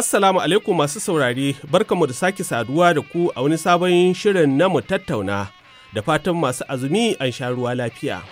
Assalamu alaikum masu saurare, barkamu da sake saduwa da ku a wani sabon shirin na mu tattauna da fatan masu azumi an sha ruwa lafiya.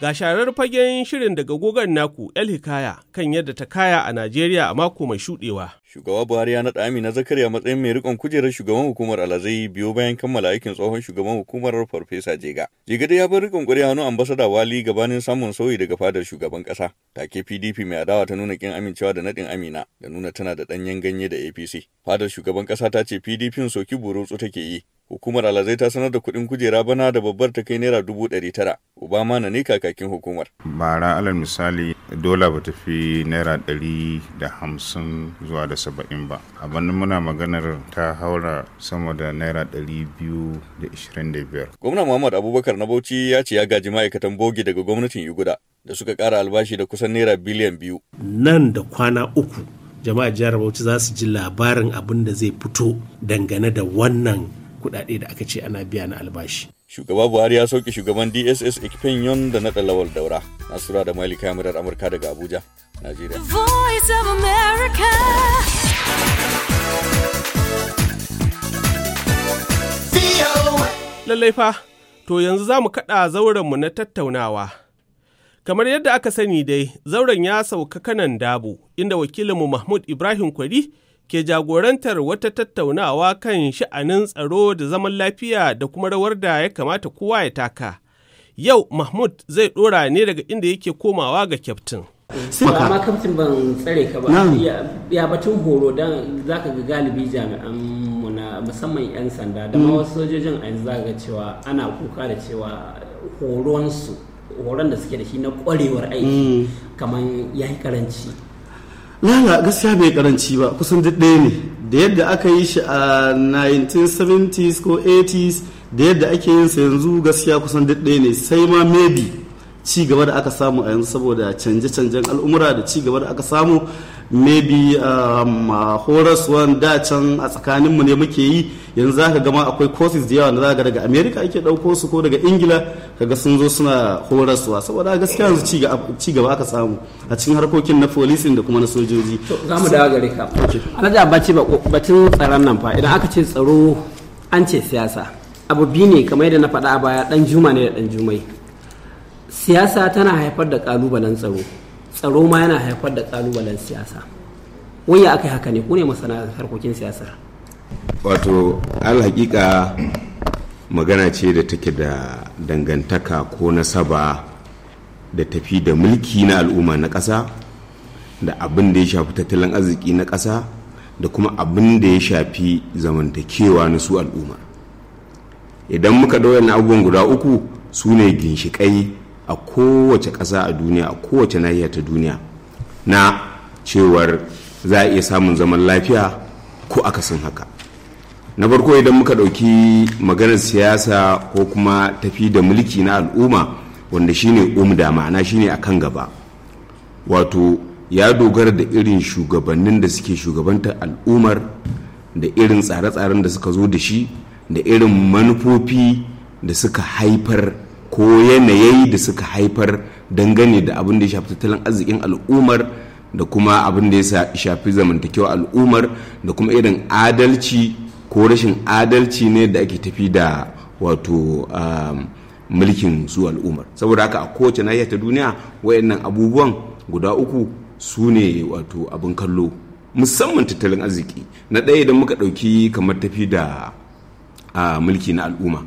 Ga sharar fagen shirin daga gogon naku El Hikaya kan yadda ta kaya a Najeriya a mako mai shuɗewa. Shugaba Buhari ya naɗa Amina Zakari matsayin mai rikon kujerar shugaban hukumar alazai biyo bayan kammala aikin tsohon shugaban hukumar Farfesa Jega. Jega dai ya bar rikon kuri'a hannu ambasada Wali gabanin samun sauyi daga fadar shugaban ƙasa. Take PDP mai adawa ta nuna kin amincewa da naɗin Amina da nuna tana da ɗanyen ganye da APC. Fadar shugaban ƙasa ta ce PDP soki burutsu take yi. Hukumar alazai ta sanar da kuɗin kujera bana da babbar ta kai naira dubu ɗari tara. Obama na ne kakakin hukumar. Bara alal misali dola ba ta naira ɗari da hamsin zuwa da saba'in ba a bana muna maganar ta haura sama da naira ɗari biyu da ishirin da biyar. gwamna muhammad abubakar na bauchi ya ce ya gaji ma'aikatan bogi daga gwamnatin yuguda da suka kara albashi da kusan naira biliyan biyu. nan da kwana uku jama'a jihar bauchi za su ji labarin abin da zai fito dangane da wannan kudade da aka ce ana biya na albashi. shugaba buhari ya sauke shugaban dss ikpenyon da naɗa lawal daura nasura da mali kamarar amurka daga abuja najeriya lallai fa to yanzu za mu kaɗa zaurenmu na tattaunawa kamar yadda aka sani dai zauren ya sauka kanan dabo inda wakilinmu mahmud ibrahim kwari ke jagorantar wata tattaunawa kan sha'anin tsaro da zaman lafiya da kuma rawar da ya kamata kowa ya taka. Yau Mahmud zai ɗora ne daga inda yake komawa ga kyaftin. Sai amma kaftin ban tsare ka ba ya batun horo don za ka ga galibi jami'an mu na musamman 'yan sanda da ma mm. wasu sojojin a yanzu za ga cewa ana kuka da cewa su horon da suke da shi na kwarewar aiki mm. kamar ya yi karanci. lala gaskiya bai karanci ba kusan duk ɗaya ne da yadda aka yi shi a 1970s ko 80s da yadda ake yin sa yanzu gaskiya kusan duk ɗaya ne sai ma maybe ci gaba da aka samu a yanzu saboda canje-canjen al'umura da ci gaba da aka samu maybe um, uh, horaswan da can a tsakaninmu ne muke yi yanzu za ka gama akwai courses da yawa da za daga america ake ɗauko su ko daga ingila kaga sun zo suna horaswa saboda gaskiya yanzu ci gaba aka samu a cikin harkokin na policing da kuma na sojoji za mu dawo gare ka alhaji abaci batun tsaron nan fa idan aka ce tsaro an ce siyasa abu bi ne kamar yadda na faɗa a baya ɗan juma ne da ɗan jumai siyasa tana haifar da ƙalubalen tsaro tsaro ma yana haifar da kalubalen siyasa ya aka yi haka ne kune masana harkokin siyasa. wato alhaƙiƙa magana ce da take da dangantaka ko nasaba da tafi da mulki na al'umma na ƙasa da abin da ya shafi tattalin arziki na ƙasa da kuma abin da ya shafi zamantakewa na su al'umma idan muka dauya na abubuwan guda uku su ne ginshiƙai a kowace ƙasa a duniya a kowace nahiya ta duniya na cewar za a iya samun zaman lafiya ko akasin haka na farko idan muka ɗauki maganar siyasa ko kuma tafi da mulki na al'umma wanda shine umda ma'ana shine a kan gaba wato ya dogara da irin shugabannin da suke shugabantar al'ummar da irin tsare-tsaren da suka zo da shi da irin manufofi da suka haifar ko yanayi da suka haifar dangane da abin da ya shafi tattalin arzikin al'ummar da kuma abin da ya shafi zamantakewa al'ummar da kuma irin adalci ko rashin adalci ne da ake tafi da wato um, mulkin su al'ummar saboda haka a kowace nahiya ta duniya wayannan abubuwan guda uku su ne wato abin kallo musamman tattalin arziki na ɗaya idan muka ɗauki kamar tafi da uh, mulki na al'umma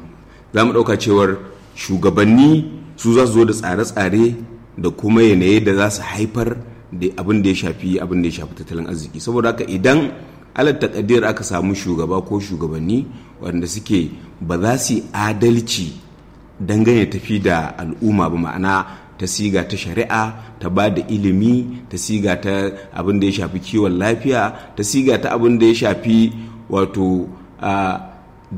za mu ɗauka cewar shugabanni su za su zo da tsare-tsare da kuma yanayi da za su haifar da abin da ya shafi abin da ya shafi tattalin arziki saboda haka idan alal takadir aka samu shugaba ko shugabanni wanda suke ba za su adalci dangane tafi da al'umma ba ma'ana ta siga ta shari'a ta ba da ilimi ta siga ta abin da ya shafi kiwon lafiya ta siga ta abin da ya shafi wato uh,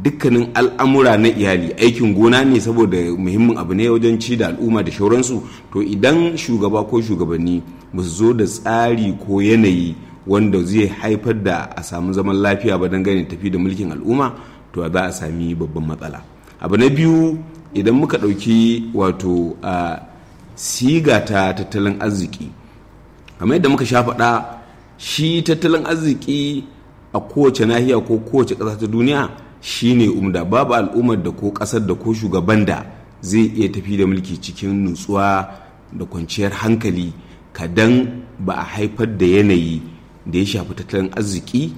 dukkanin al'amura na iyali aikin gona ne saboda muhimmin abu ne wajen ci da al'umma da shauransu to idan shugaba ko shugabanni ba su zo da tsari ko yanayi wanda zai haifar da a samu zaman lafiya ba dangane tafi da mulkin al'umma to za a sami babban matsala abu na biyu idan muka ɗauki wato a siga ta tattalin arziki kamar yadda muka sha faɗa shi tattalin arziki a kowace nahiya ko kowace ƙasa ta duniya shine umda babu al'ummar da ko ƙasar da ko shugaban da zai iya tafi da mulki cikin nutsuwa da kwanciyar hankali kadan ba a haifar da yanayi da ya shafi tattalin arziki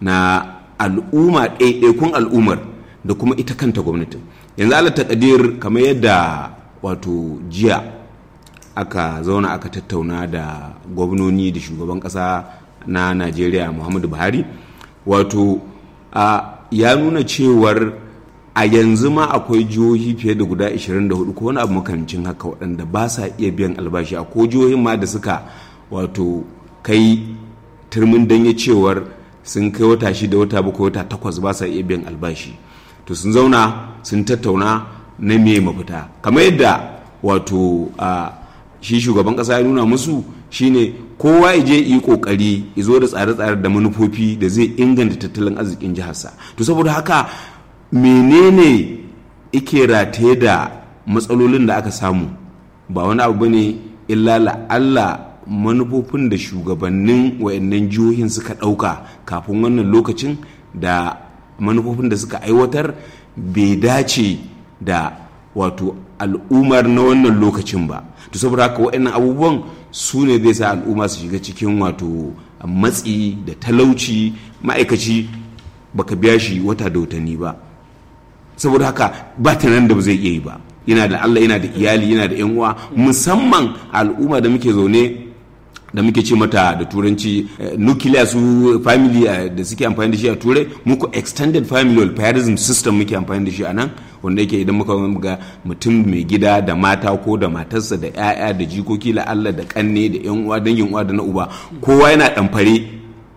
na al'umma ɗaiɗaikun al'ummar da kuma ita kanta gwamnatin yanzu ala takadir kamar yadda wato jiya aka zauna aka tattauna da gwamnoni da shugaban ƙasa na najeriya muhammadu buhari wato a ya nuna cewar a yanzu ma akwai jihohi fiye da guda 24 ko wani abu makamcin haka waɗanda ba sa iya biyan albashi a ko jihohin ma da suka wato kai turmin danye cewar sun kai wata shida wata bakwai wata takwas ba sa iya biyan albashi to sun zauna sun tattauna na me mafita kamar yadda wato shi shugaban ƙasa ya nuna musu shine kowa ya je yi kokari ya zo da tsare-tsare da manufofi da zai inganta tattalin arzikin jiharsa to saboda haka menene ike rataye da matsalolin da aka samu ba wani abu bane illa la'alla manufofin da shugabannin wayannan jihohin suka ɗauka kafin wannan lokacin da manufofin da suka aiwatar bai dace da wato al'ummar na wannan lokacin ba to saboda haka waɗannan abubuwan su ne zai sa al'umma su shiga cikin wato matsi da talauci ma'aikaci baka biya shi wata da watanni ba saboda haka ba ta nan da ba zai iya yi ba yana da allah yana da iyali yana da yan uwa musamman al'umma da muke zaune da muke ce mata da turanci eh, nuclear su family eh, da suke amfani da shi a turai muku extended family parism system muke amfani da shi a nan wanda yake idan muka ga mutum mai gida da mata ko da matarsa da 'ya'ya da jikoki la'alla da kanne da yan uwa dangin uwa da na uba kowa yana ɗamfare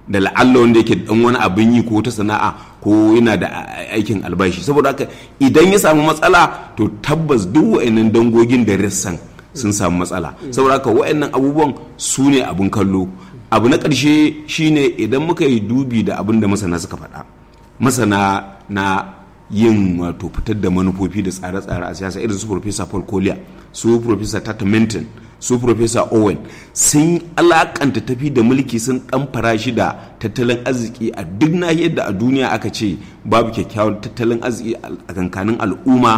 da la'alla wanda yake dan wani abin yi ko ta sana'a ko yana da aikin albashi saboda haka idan ya samu matsala to tabbas duk wa'annan dangogin da rissan sun samu matsala saboda haka wa'annan abubuwan su ne abin kallo abu na ƙarshe shine idan muka yi dubi da abin da masana suka faɗa masana na yin wato fitar da manufofi da tsare-tsare a siyasa irin su professor paul collier su professor tata minton su professor owen sun alakanta tafi da mulki sun dan farashi da tattalin arziki a duk nahiyar da a duniya aka ce babu kyakkyawan tattalin arziki a kankanin al'umma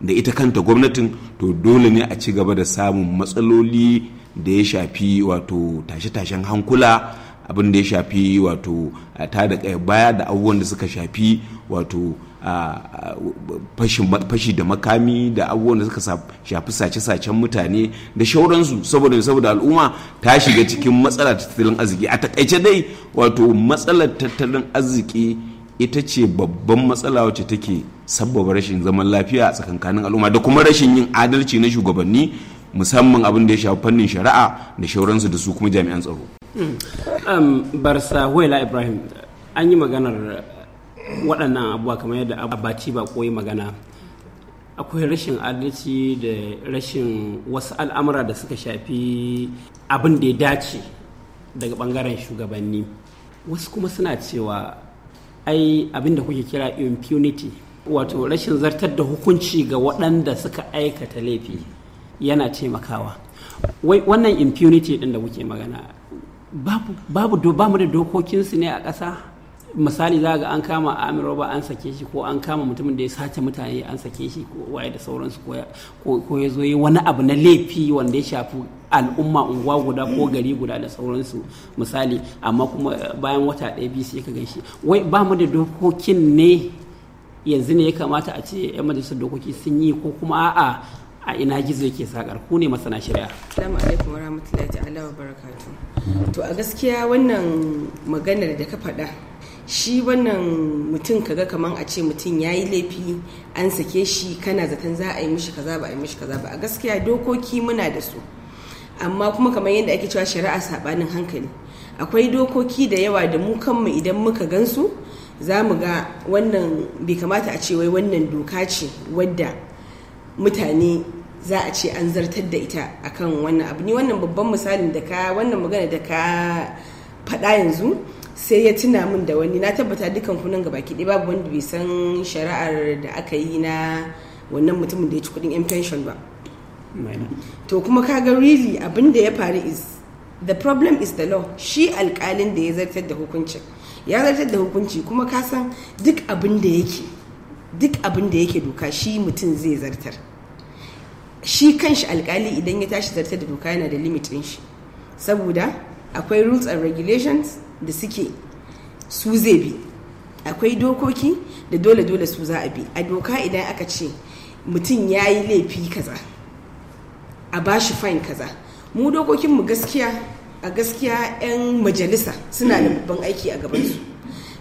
da ita kanta gwamnatin to dole ne a ci gaba da samun matsaloli da ya shafi wato tashe-tashen hankula abin da ya shafi wato ta da baya da abubuwan da suka shafi wato fashi da makami da abubuwan da suka shafi sace-sacen mutane da shauransu saboda saboda al'umma ta shiga cikin matsalar tattalin arziki a takaice dai wato matsalar tattalin arziki ita ce babban matsala wacce take sabbaba rashin zaman lafiya a tsakankanin al'umma da kuma rashin yin adalci na shugabanni musamman abin da ya shafi fannin shari'a da shauransu da su kuma jami'an tsaro. Hmm. Um, barsa huela ibrahim an yi maganar waɗannan abuwa kamar yadda abaci ba koyi magana akwai rashin adalci da rashin wasu al'amura da suka shafi abin da ya dace daga ɓangaren shugabanni wasu kuma suna cewa ai abin da kuke kira impunity wato rashin zartar da hukunci ga waɗanda suka aikata laifi yana taimakawa wannan impunity ɗin da kuke magana babu babu mu da dokokinsu ne a ƙasa misali za ga an kama amir ba an sake shi ko an kama mutumin da ya sace mutane an sake shi ko waye da sauransu ko ya zo yi wani abu na laifi wanda ya shafi al'umma unguwa guda ko gari guda da sauransu misali amma kuma bayan wata ɗaya biyu sai ka shi wai ba mu da dokokin ne yanzu ne ya kamata a ce 'yan majalisar dokoki sun yi ko kuma a'a a ina gizo yake sakar ku ne masana shari'a salamu alaikum warahmatullahi ta'ala wa barakatu to a gaskiya wannan maganar da ka faɗa shi wannan mutum kaga kamar a ce mutum ya yi laifi an sake shi kana zaton za a yi mishi kaza ba a yi mishi kaza ba a gaskiya dokoki muna da su amma kuma kamar yadda ake cewa shari'a saɓanin hankali akwai dokoki da yawa da mu kanmu idan muka gansu za mu ga wannan bai kamata a ce wai wannan doka ce wadda mutane za a ce an zartar da ita akan wannan abu ni wannan babban misalin da ka wannan magana da ka faɗa yanzu sai ya tuna min da wani na tabbata dukan kunan gaba ki babu wanda bai san shari'ar da aka yi na wannan mutumin da ya ci kuɗin 'yan pension ba to kuma kaga really abin da ya faru is the problem is the law shi alkalin da ya zartar da hukuncin ya zartar da hukunci kuma ka san duk abin da yake duk abin da yake doka shi mutum zai zartar shi kanshi alkali idan ya tashi zartar da doka yana da limit din shi saboda akwai rules and regulations da suke su zai bi akwai dokoki da dole dole su za a bi a doka idan aka ce mutum ya yi laifi kaza a bashi fain kaza mu dokokin mu gaskiya a gaskiya 'yan majalisa suna da babban aiki a gabansu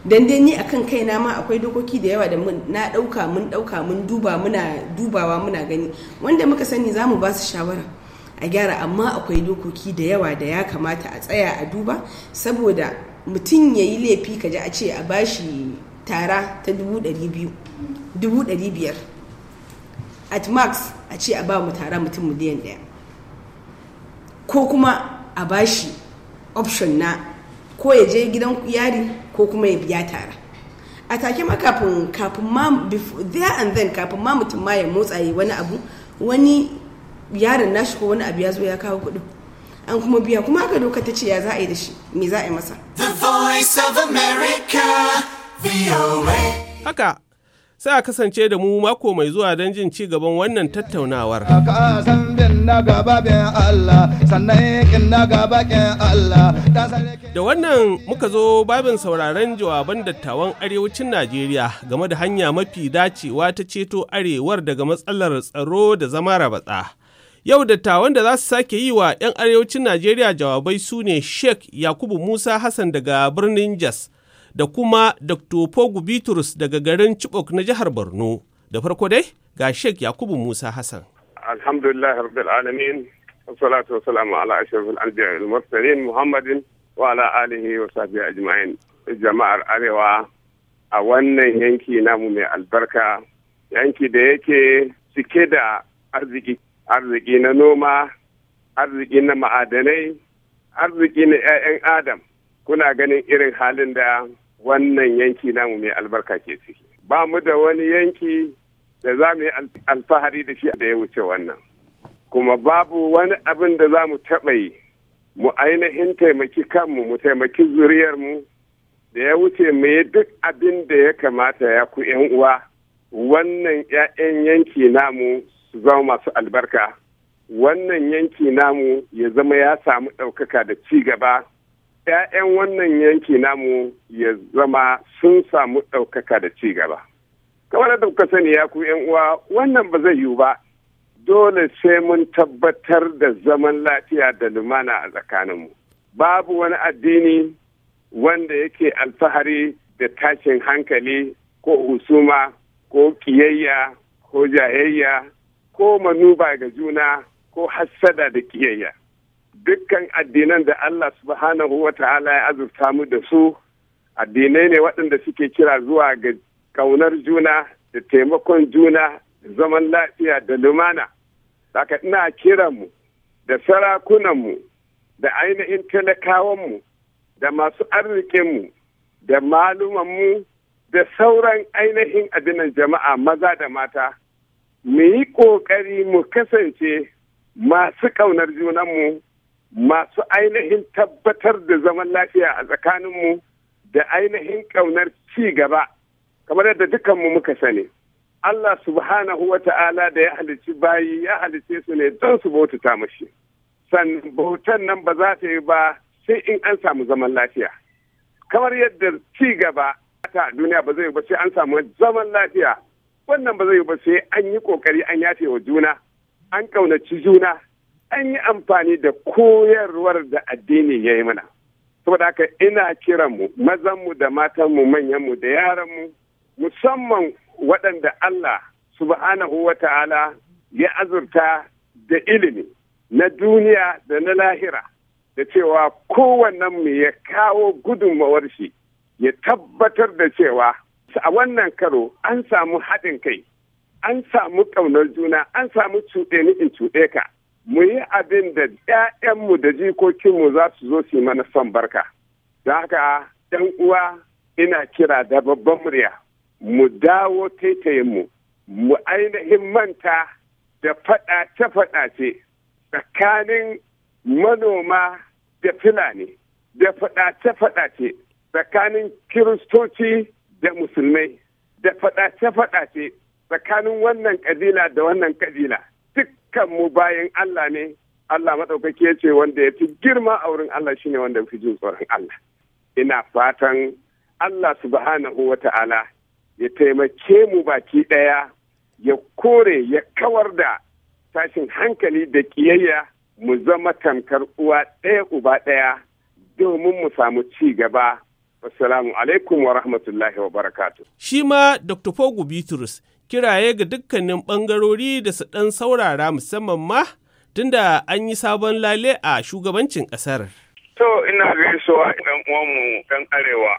dan dai ni akan kaina ma akwai dokoki da yawa da mun na dauka mun dauka mun duba muna dubawa muna gani wanda muka sani zamu mu ba su shawara a gyara amma akwai dokoki da yawa da ya kamata a tsaya a duba saboda mutum ya yi laifi ka ji a ce a bashi tara ta dubu at max a ce a ba mu tara mutum miliyan ɗaya ko kuma a bashi option na ko ya je gidan yari ko kuma ya biya tara a take ma kafin kafin ma there and then kafin ma mutum ma ya motsa yi wani abu wani yaron nashi ko wani abu ya zo ya kawo kuɗin an kuma biya kuma aka doka ta ce ya za a yi da shi me za a yi masa the voice of america voa haka sai a kasance da mu mako mai zuwa don jin ci gaban wannan tattaunawar. Da wannan muka zo babin sauraron jawaban dattawan arewacin Najeriya game da hanya mafi dacewa ta ceto arewar daga matsalar tsaro da zama rabatsa. Yau dattawan da za su sake yi wa 'yan arewacin Najeriya jawabai su ne Sheikh Yakubu Musa Hassan daga birnin Jos. da kuma Dr. Pogu Bitrus daga garin Chibok na jihar Borno. Da farko dai ga Sheikh Yakubu Musa Hassan. Alhamdulillah rabbil alamin. Wassalatu wassalamu ala ashrafil anbiya wal mursalin Muhammadin wa ala alihi wa sahbihi ajma'in. Jama'ar Arewa a wannan yanki namu mai albarka yanki da yake cike da arziki arziki na noma arziki na ma'adanai arziki na 'ya'yan adam kuna ganin irin halin da wannan yanki namu mai albarka ke ciki ba mu da wani yanki da za mu yi alfahari da shi da ya wuce wannan kuma babu wani abin da za mu taɓa yi mu ainihin taimaki kanmu mu taimaki zuriyarmu da ya wuce mu yi duk abin da ya kamata ya ku yan uwa wannan 'ya'yan yanki namu su zama masu albarka wannan yanki namu ya zama ya samu ɗaukaka da ci gaba 'ya'yan wannan yanki namu ya zama sun samu ɗaukaka da ci gaba. Kamar da kuka sani ya ku uwa wannan ba zai yiwu ba dole sai mun tabbatar da zaman lafiya da lumana a tsakaninmu. Babu wani addini wanda yake alfahari da tashin hankali ko husuma ko ƙiyayya ko jayayya ko manuba ga juna ko hassada da ƙiyayya. dukkan addinan da Allah subhanahu wa ta'ala ya azurta mu da su addinai ne waɗanda suke kira zuwa ga kaunar juna da taimakon juna da zaman lafiya da lumana saka ina mu da sarakunanmu da ainihin talakawanmu da masu arzikinmu da malumanmu da sauran ainihin addinan jama'a maza da mata mu yi ƙoƙari mu kasance masu ƙaunar junanmu masu ainihin tabbatar da zaman lafiya a tsakaninmu da ainihin ƙaunar ci gaba kamar yadda dukanmu muka sani Allah subhanahu wa ta'ala da ya halicci bayi ya halicce su ne don su bautata mashi sannan bautan nan ba za ta yi ba sai in an samu zaman lafiya kamar yadda ci gaba ta duniya ba zai ba sai an samu zaman lafiya wannan ba zai ba sai an yi kokari an yafe wa juna an ƙaunaci juna an yi amfani da koyarwar da addini ya yi mana saboda haka ina kiran mu mazanmu da matanmu manyanmu da yaranmu musamman waɗanda Allah subhanahu wa ta'ala ya azurta da ilimi na duniya da na lahira da cewa kowannen mu ya kawo gudunmawar shi ya tabbatar da cewa a wannan karo an samu haɗin kai an samu ƙaunar juna an samu cuɗe ni in cuɗe ka mu yi abin da 'ya'yanmu da jikokinmu za su zo su yi mana son barka da haka yan uwa ina kira da babban murya mu dawo taitayinmu mu ainihin manta da faɗace-faɗace tsakanin manoma da fulani da faɗace-faɗace tsakanin kiristoci da musulmai da faɗace-faɗace tsakanin wannan ƙabila da wannan ƙabila. kan mu bayan Allah ne Allah maɗaukaki ya ce wanda ya fi girma a wurin Allah shine wanda fi jin tsoron Allah ina fatan Allah subhanahu wa ta'ala ya taimake mu baki ɗaya ya kore ya kawar da tashin hankali da ƙiyayya mu zama tamkar uwa ɗaya uba ɗaya domin mu samu ci gaba. Assalamu alaikum wa rahmatullahi wa barakatu. Shi ma Dr. fogu Bitrus kiraye ga dukkanin ɓangarori da su ɗan saurara musamman ma tunda an yi sabon lale a shugabancin ƙasar. To ina gaisuwa ɗan uwanmu ɗan arewa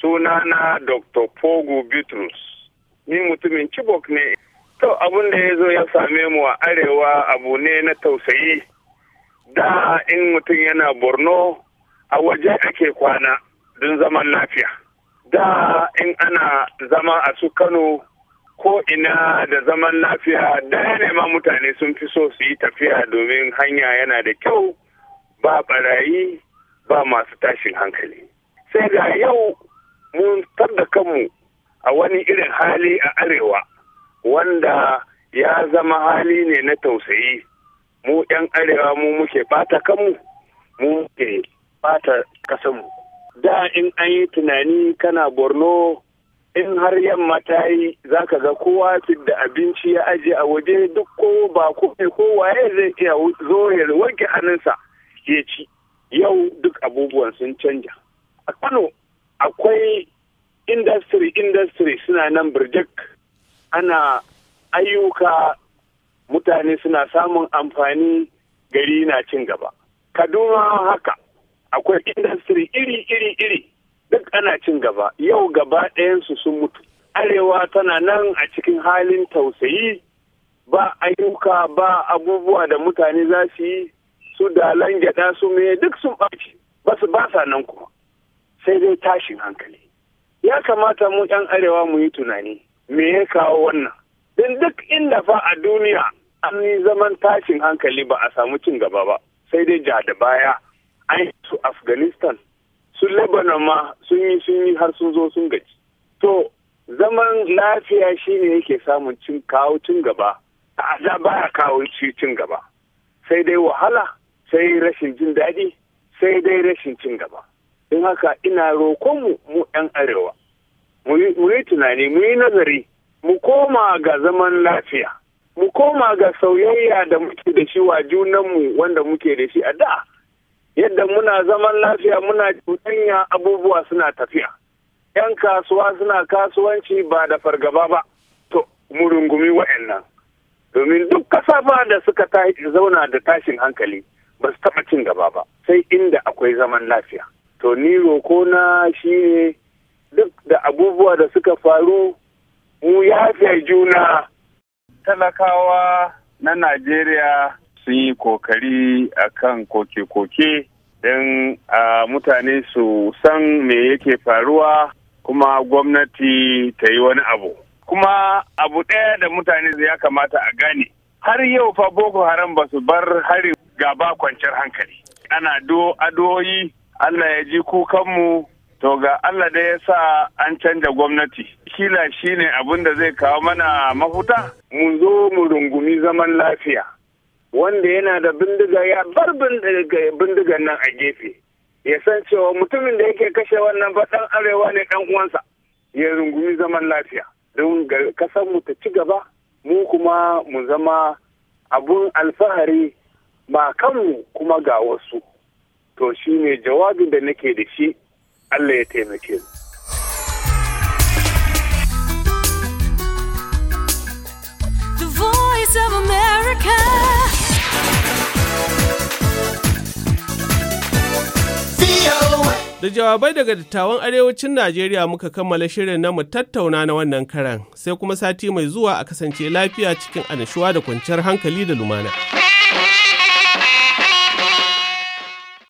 sunana Dr. Pogo Bitrus ni mutumin Kibok ne. To abin da ya zo ya same mu a arewa abu ne na tausayi da in mutum yana Borno a waje ake kwana don zaman lafiya. Da in ana zama a su Kano ko ina da zaman lafiya da ne ma mutane sun fi so su yi tafiya domin hanya yana da kyau ba barayi ba masu tashin hankali sai ga yau mun da kanmu a wani irin hali a arewa wanda ya zama hali ne na tausayi mu 'yan arewa mu muke bata kanmu mu ke bata kasanmu da in an yi tunani kana borno in har yamma ta yi za ka ga kowa da abinci ya aje a waje duk ko ba ko ya zai iya zo ya wanke hannunsa ya ci yau duk abubuwan sun canja a kano akwai industry industry suna nan birjik ana ayyuka mutane suna samun amfani gari na cin gaba kaduna haka akwai industry iri iri iri duk ana cin gaba yau gaba ɗayansu sun mutu arewa tana nan a cikin halin tausayi ba ayyuka ba abubuwa da mutane za su yi su dalan gyaɗa su me duk sun ɓaci ba su ba sa nan kuma sai dai tashin hankali ya kamata mu yan arewa mu yi tunani me ya kawo wannan don duk inda fa a duniya an yi zaman tashin hankali ba a samu cin gaba ba sai dai ja da baya an su afghanistan su lebanon ma sun yi sun yi har sun zo sun gaji to zaman lafiya shine yake samun cin kawo cin gaba ba baya kawo cin gaba sai dai wahala sai rashin jin daɗi sai dai rashin cin gaba In haka ina roƙonmu mu 'yan arewa mu yi tunani mu yi nazari mu koma ga zaman lafiya mu koma ga sauyayya da muke da shi wa junanmu wanda muke da shi a da'a. yadda muna zaman lafiya muna cutanya abubuwa suna tafiya yan kasuwa suna kasuwanci ba da fargaba ba to mu rungumi wa'annan domin duk ba da suka zauna da tashin hankali ba su taɓa cin gaba ba sai inda akwai zaman lafiya to ni roko na shi ne duk da abubuwa da suka faru mu yafe juna talakawa na najeriya sun yi kokari kan koke-koke don mutane su san me yake faruwa kuma gwamnati ta yi wani abu kuma abu ɗaya da mutane ya kamata a gane har yau fa boko haram ba su bar hari gaba kwanciyar hankali ana addu'o'i allah ya ji kukanmu to ga allah da ya sa an canja gwamnati kila ne abin da zai kawo mana mafuta mu zo mu rungumi zaman lafiya wanda yana da bindiga ya bar bindigan nan a gefe ya san cewa mutumin da yake kashe wannan ba dan arewa ne dan uwansa ya rungumi zaman lafiya don kasar mu ta ci gaba mu kuma mu zama abun alfahari ba kanmu kuma ga wasu to shi ne jawabin da nake da shi Allah ya taimake mu The voice of America Da jawabai daga dattawan arewacin Najeriya muka kammala shirin na mu tattauna na wannan karan sai kuma sati mai zuwa a kasance lafiya cikin annashuwa da kwanciyar hankali da lumana.